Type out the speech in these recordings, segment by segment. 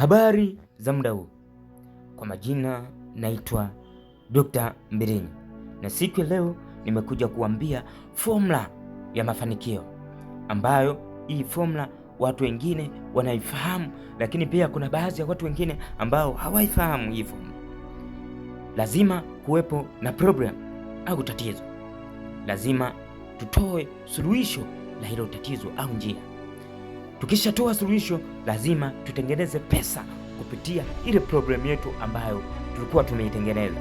Habari za muda huu, kwa majina naitwa Dr. Mbilinyi na siku ya leo nimekuja kuambia formula ya mafanikio ambayo hii formula watu wengine wanaifahamu, lakini pia kuna baadhi ya watu wengine ambao hawaifahamu hii formula. Lazima kuwepo na problem au tatizo, lazima tutoe suluhisho la hilo tatizo au njia Tukishatoa suluhisho, lazima tutengeneze pesa kupitia ile programu yetu ambayo tulikuwa tumeitengeneza.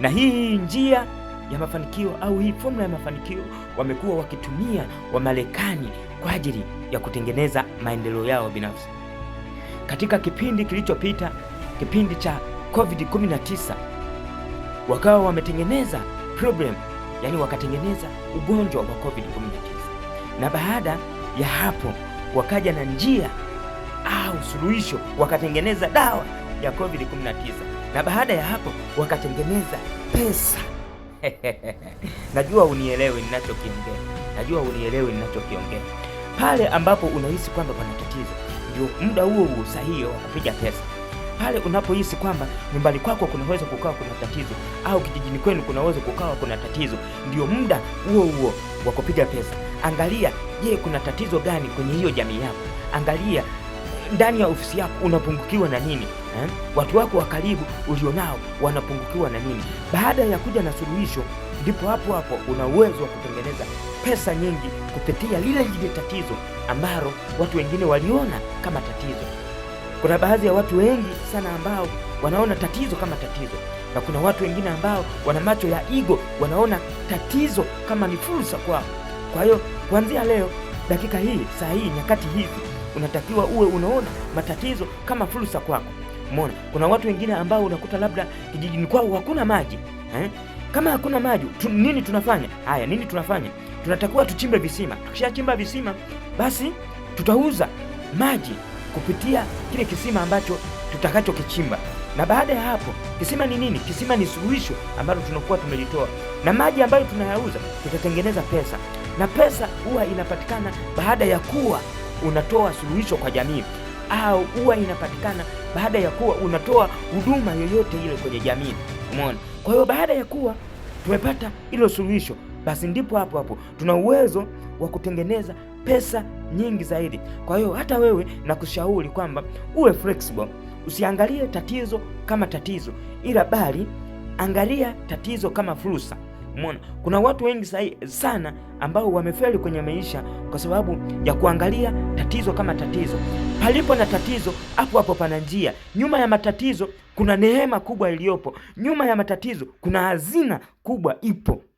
Na hii njia ya mafanikio au hii fomula ya mafanikio wamekuwa wakitumia Marekani kwa ajili ya kutengeneza maendeleo yao binafsi. Katika kipindi kilichopita, kipindi cha COVID-19, wakawa wametengeneza problem, yani wakatengeneza ugonjwa wa COVID-19, na baada ya hapo wakaja na njia au suluhisho, wakatengeneza dawa ya COVID-19 na baada ya hapo wakatengeneza pesa. Najua unielewi ninachokiongea, najua unielewe ninachokiongea. Pale ambapo unahisi kwamba pana tatizo, ndio muda huo huo sahihi wa kupiga pesa pale unapohisi kwamba nyumbani kwako kunaweza kukawa kuna tatizo au kijijini kwenu kunaweza kukawa kuna tatizo, ndio muda huo huo wa kupiga pesa. Angalia, je, kuna tatizo gani kwenye hiyo jamii yako? Angalia ndani ya ofisi yako unapungukiwa na nini eh? Watu wako wa karibu ulionao wanapungukiwa na nini? Baada ya kuja na suluhisho, ndipo hapo hapo una uwezo wa kutengeneza pesa nyingi kupitia lile lile tatizo ambalo watu wengine waliona kama tatizo. Kuna baadhi ya watu wengi sana ambao wanaona tatizo kama tatizo, na kuna watu wengine ambao wana macho ya igo, wanaona tatizo kama ni fursa kwao. Kwa hiyo kuanzia leo, dakika hii, saa hii, nyakati hizi, unatakiwa uwe unaona matatizo kama fursa kwako. Umeona, kuna watu wengine ambao unakuta labda kijijini kwao hakuna maji eh? Kama hakuna maji tu, nini tunafanya? Haya, nini tunafanya? Tunatakiwa tuchimbe visima. Tukishachimba visima, basi tutauza maji kupitia kile kisima ambacho tutakachokichimba. Na baada ya hapo, kisima ni nini? Kisima ni suluhisho ambalo tunakuwa tumelitoa, na maji ambayo tunayauza tutatengeneza pesa, na pesa huwa inapatikana baada ya kuwa unatoa suluhisho kwa jamii, au huwa inapatikana baada ya kuwa unatoa huduma yoyote ile kwenye jamii. Umeona? Kwa hiyo baada ya kuwa tumepata hilo suluhisho, basi ndipo hapo hapo tuna uwezo wa kutengeneza pesa nyingi zaidi. Kwa hiyo hata wewe nakushauri kwamba uwe flexible, usiangalie tatizo kama tatizo, ila bali angalia tatizo kama fursa. Umeona, kuna watu wengi sana ambao wamefeli kwenye maisha kwa sababu ya kuangalia tatizo kama tatizo. Palipo na tatizo, hapo hapo pana njia. Nyuma ya matatizo kuna neema kubwa iliyopo, nyuma ya matatizo kuna hazina kubwa ipo.